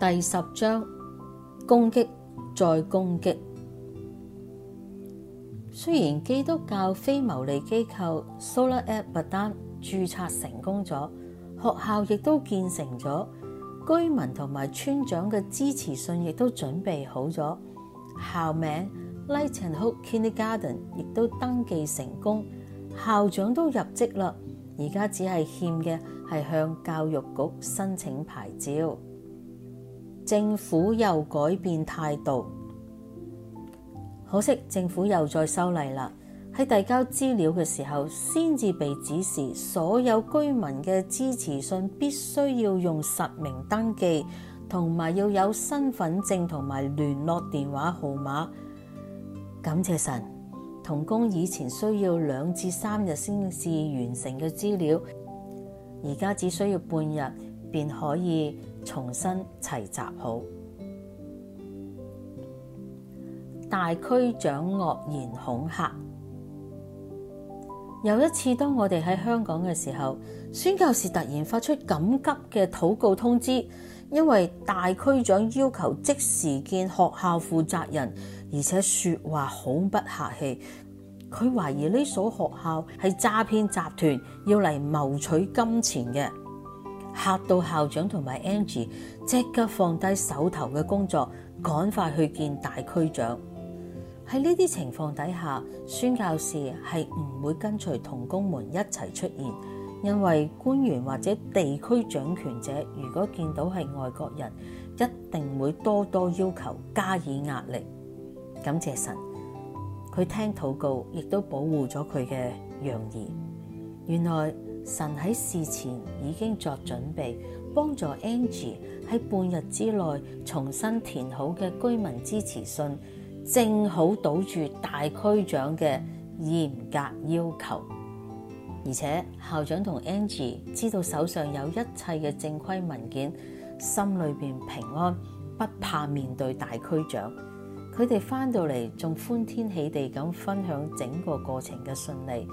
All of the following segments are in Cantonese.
第十章，攻擊再攻擊。雖然基督教非牟利機構 Solar Aid 不單註冊成功咗，學校亦都建成咗，居民同埋村長嘅支持信亦都準備好咗，校名 Lighten Hope Kindergarten 亦都登記成功，校長都入職啦，而家只係欠嘅係向教育局申請牌照。政府又改變態度，可惜政府又再修例啦。喺遞交資料嘅時候，先至被指示所有居民嘅支持信必須要用實名登記，同埋要有身份證同埋聯絡電話號碼。感謝神，同工以前需要兩至三日先至完成嘅資料，而家只需要半日便可以。重新齊集好，大區長惡言恐嚇。有一次，當我哋喺香港嘅時候，宣教士突然發出緊急嘅禱告通知，因為大區長要求即時見學校負責人，而且説話好不客氣。佢懷疑呢所學校係詐騙集團要嚟謀取金錢嘅。嚇到校長同埋 Angie 即刻放低手頭嘅工作，趕快去見大區長。喺呢啲情況底下，宣教士係唔會跟隨同工們一齊出現，因為官員或者地區掌權者如果見到係外國人，一定會多多要求加以壓力。感謝神，佢聽禱告，亦都保護咗佢嘅羊兒。原來。神喺事前已經作準備，幫助 Angie 喺半日之內重新填好嘅居民支持信，正好堵住大區長嘅嚴格要求。而且校長同 Angie 知道手上有一切嘅正規文件，心裏邊平安，不怕面對大區長。佢哋翻到嚟仲歡天喜地咁分享整個過程嘅順利，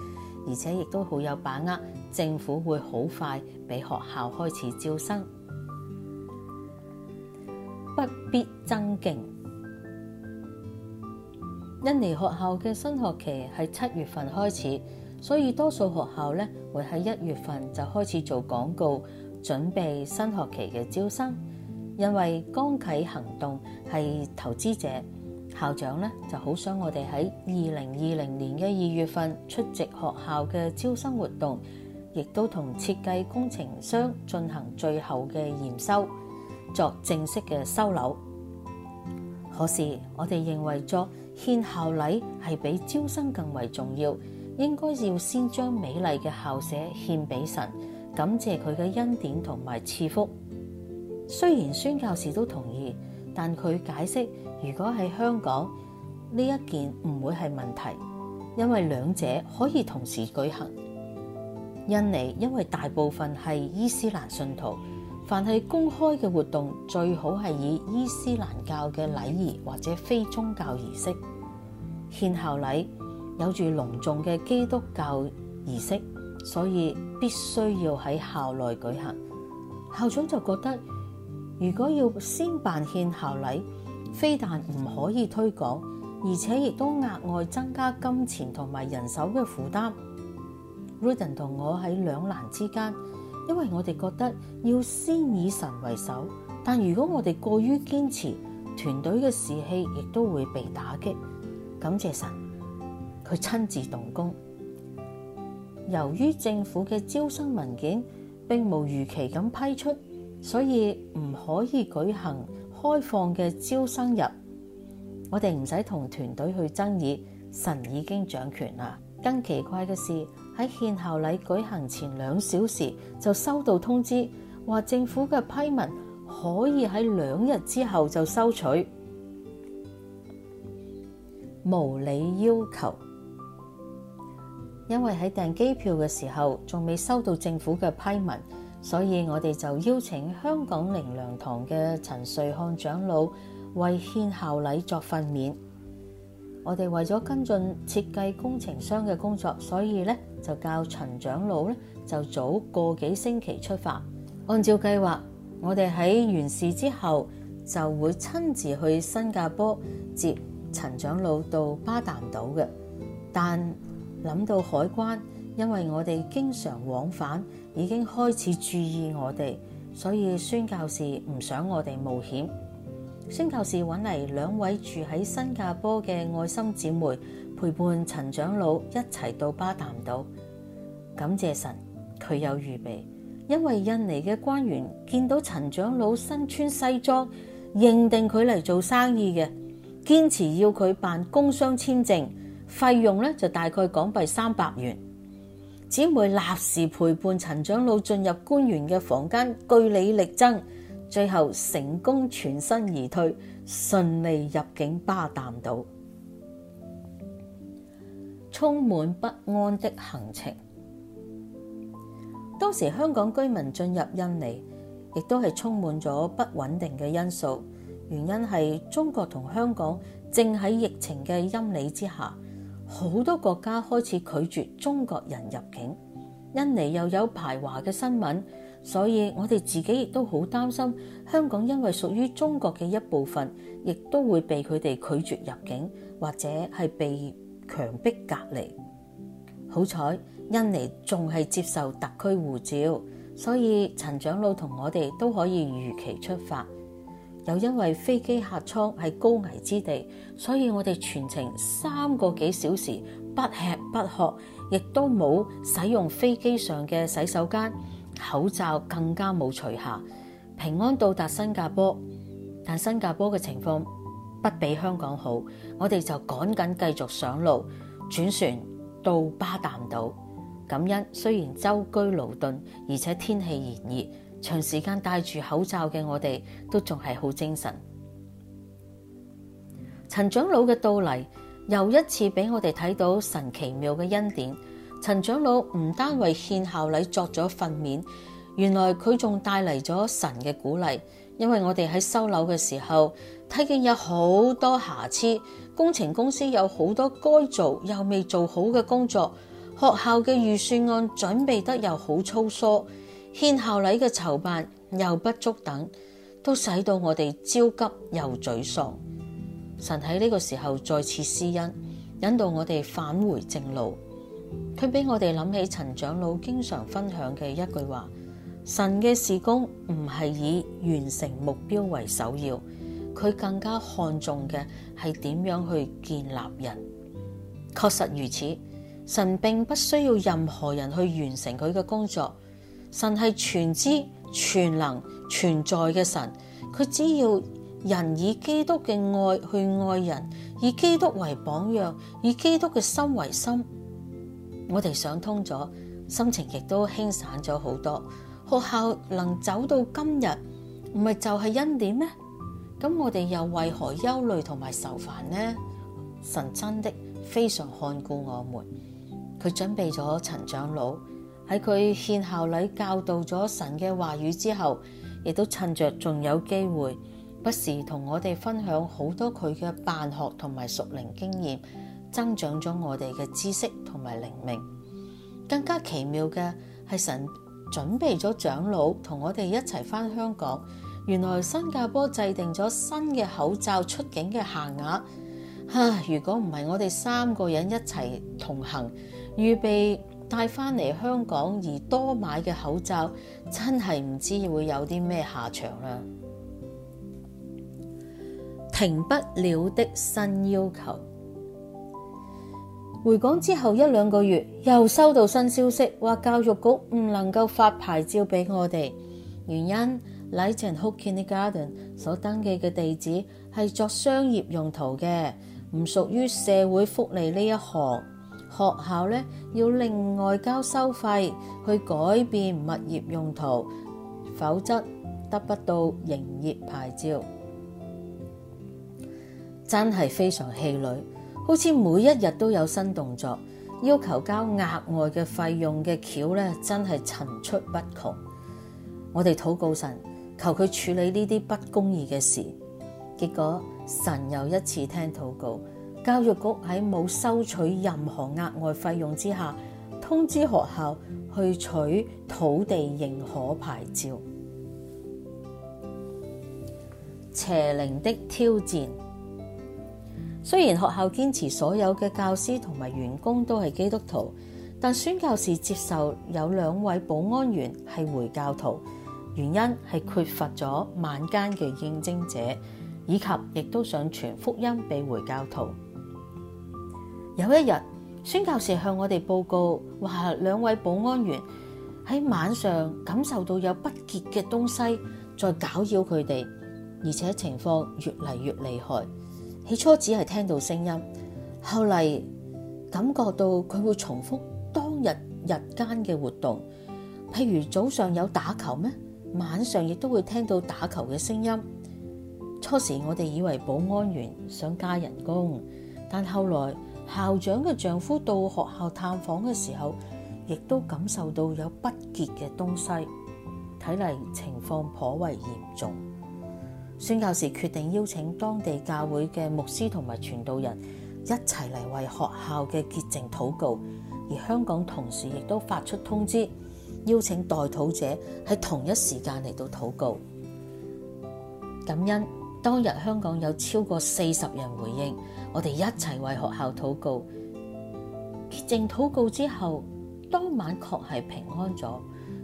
而且亦都好有把握。政府會好快俾學校開始招生，不必增勁。印尼學校嘅新學期係七月份開始，所以多數學校咧會喺一月份就開始做廣告，準備新學期嘅招生。因為剛啟行動係投資者校長咧，就好想我哋喺二零二零年嘅二月份出席學校嘅招生活動，亦都同設計工程商進行最後嘅驗收，作正式嘅收樓。可是我哋認為作獻校禮係比招生更為重要，應該要先將美麗嘅校舍獻俾神，感謝佢嘅恩典同埋賜福。雖然孫教士都同意，但佢解釋如果喺香港呢，一件唔會係問題，因為兩者可以同時舉行。印尼因為大部分係伊斯蘭信徒，凡係公開嘅活動，最好係以伊斯蘭教嘅禮儀或者非宗教儀式。獻校禮，有住隆重嘅基督教儀式，所以必須要喺校內舉行。校長就覺得，如果要先辦獻校禮，非但唔可以推廣，而且亦都額外增加金錢同埋人手嘅負擔。Roden 同我喺兩難之間，因為我哋覺得要先以神為首，但如果我哋過於堅持，團隊嘅士氣亦都會被打擊。感謝神，佢親自動工。由於政府嘅招生文件並冇如期咁批出，所以唔可以舉行開放嘅招生日。我哋唔使同團隊去爭議，神已經掌權啦。更奇怪嘅事。喺獻校禮舉行前兩小時就收到通知，話政府嘅批文可以喺兩日之後就收取，無理要求。因為喺訂機票嘅時候仲未收到政府嘅批文，所以我哋就邀請香港靈糧堂嘅陳瑞漢長老為獻校禮作訓勉。我哋為咗跟進設計工程商嘅工作，所以咧就教陳長老咧就早個幾星期出發。按照計劃，我哋喺完事之後就會親自去新加坡接陳長老到巴淡島嘅。但諗到海關，因為我哋經常往返，已經開始注意我哋，所以宣教士唔想我哋冒險。宣教士搵嚟，兩位住喺新加坡嘅愛心姐妹陪伴陳長老一齊到巴淡島，感謝神佢有預備，因為印尼嘅官員見到陳長老身穿西裝，認定佢嚟做生意嘅，堅持要佢辦工商簽證，費用咧就大概港幣三百元。姊妹立時陪伴陳長老進入官員嘅房間，據理力爭。最後成功全身而退，順利入境巴淡島。充滿不安的行程。當時香港居民進入印尼，亦都係充滿咗不穩定嘅因素。原因係中國同香港正喺疫情嘅陰霾之下，好多國家開始拒絕中國人入境。印尼又有排華嘅新聞。所以我哋自己亦都好擔心，香港因為屬於中國嘅一部分，亦都會被佢哋拒絕入境，或者係被強迫隔離。好彩，印尼仲係接受特區護照，所以陳長老同我哋都可以如期出發。又因為飛機客艙係高危之地，所以我哋全程三個幾小時不吃不喝，亦都冇使用飛機上嘅洗手間。口罩更加冇除下，平安到達新加坡，但新加坡嘅情況不比香港好，我哋就趕緊繼續上路，轉船到巴淡島。感恩雖然舟車勞頓，而且天氣炎熱，長時間戴住口罩嘅我哋都仲係好精神。陳長老嘅到嚟，又一次俾我哋睇到神奇妙嘅恩典。陳長老唔單為獻校禮作咗訓勉，原來佢仲帶嚟咗神嘅鼓勵。因為我哋喺收樓嘅時候睇見有好多瑕疵，工程公司有好多該做又未做好嘅工作，學校嘅預算案準備得又好粗疏，獻校禮嘅籌辦又不足等，都使到我哋焦急又沮喪。神喺呢個時候再次施恩，引導我哋返回正路。佢俾我哋諗起陳長老經常分享嘅一句話：神嘅事工唔係以完成目標為首要，佢更加看重嘅係點樣去建立人。確實如此，神並不需要任何人去完成佢嘅工作，神係全知、全能、存在嘅神。佢只要人以基督嘅愛去愛人，以基督為榜樣，以基督嘅心為心。我哋想通咗，心情亦都輕省咗好多。學校能走到今日，唔係就係恩典咩？咁我哋又為何憂慮同埋愁煩呢？神真的非常看顧我們，佢準備咗陳長老喺佢獻校禮教導咗神嘅話語之後，亦都趁著仲有機會，不時同我哋分享好多佢嘅辦學同埋熟齡經驗。增長咗我哋嘅知識同埋靈命，更加奇妙嘅係神準備咗長老同我哋一齊翻香港。原來新加坡制定咗新嘅口罩出境嘅限額，唉、啊！如果唔係我哋三個人一齊同行，預備帶翻嚟香港而多買嘅口罩，真係唔知會有啲咩下場啦。停不了的新要求。回港之後一兩個月，又收到新消息，話教育局唔能夠發牌照俾我哋，原因禮臣 Kids Garden 所登記嘅地址係作商業用途嘅，唔屬於社會福利呢一行。學校呢要另外交收費去改變物業用途，否則得不到營業牌照，真係非常氣餒。好似每一日都有新動作，要求交額外嘅費用嘅橋咧，真係層出不窮。我哋禱告神，求佢處理呢啲不公義嘅事。結果神又一次聽禱告，教育局喺冇收取任何額外費用之下，通知學校去取土地認可牌照。邪靈的挑戰。雖然學校堅持所有嘅教師同埋員工都係基督徒，但宣教士接受有兩位保安員係回教徒，原因係缺乏咗晚間嘅應徵者，以及亦都想傳福音俾回教徒。有一日，宣教士向我哋報告話，兩位保安員喺晚上感受到有不潔嘅東西在搞擾佢哋，而且情況越嚟越厲害。起初只係聽到聲音，後來感覺到佢會重複當日日間嘅活動，譬如早上有打球咩，晚上亦都會聽到打球嘅聲音。初時我哋以為保安員想加人工，但後來校長嘅丈夫到學校探訪嘅時候，亦都感受到有不潔嘅東西，睇嚟情況頗為嚴重。宣教士決定邀請當地教會嘅牧師同埋傳道人一齊嚟為學校嘅潔淨禱告，而香港同時亦都發出通知，邀請代禱者喺同一時間嚟到禱告。感恩，當日香港有超過四十人回應，我哋一齊為學校禱告。潔淨禱告之後，當晚確係平安咗，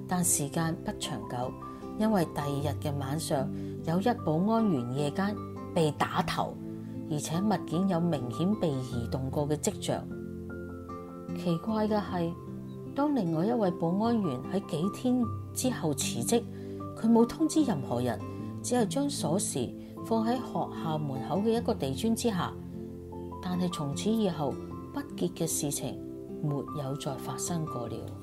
但時間不長久，因為第二日嘅晚上。有一保安員夜間被打頭，而且物件有明顯被移動過嘅跡象。奇怪嘅係，當另外一位保安員喺幾天之後辭職，佢冇通知任何人，只係將鎖匙放喺學校門口嘅一個地磚之下。但係從此以後，不潔嘅事情沒有再發生過了。